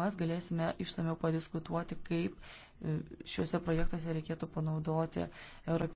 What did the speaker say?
mes galėsime išsameu padiskutuoti, kaip e, šiuose projektuose reikėtų panaudoti Europos.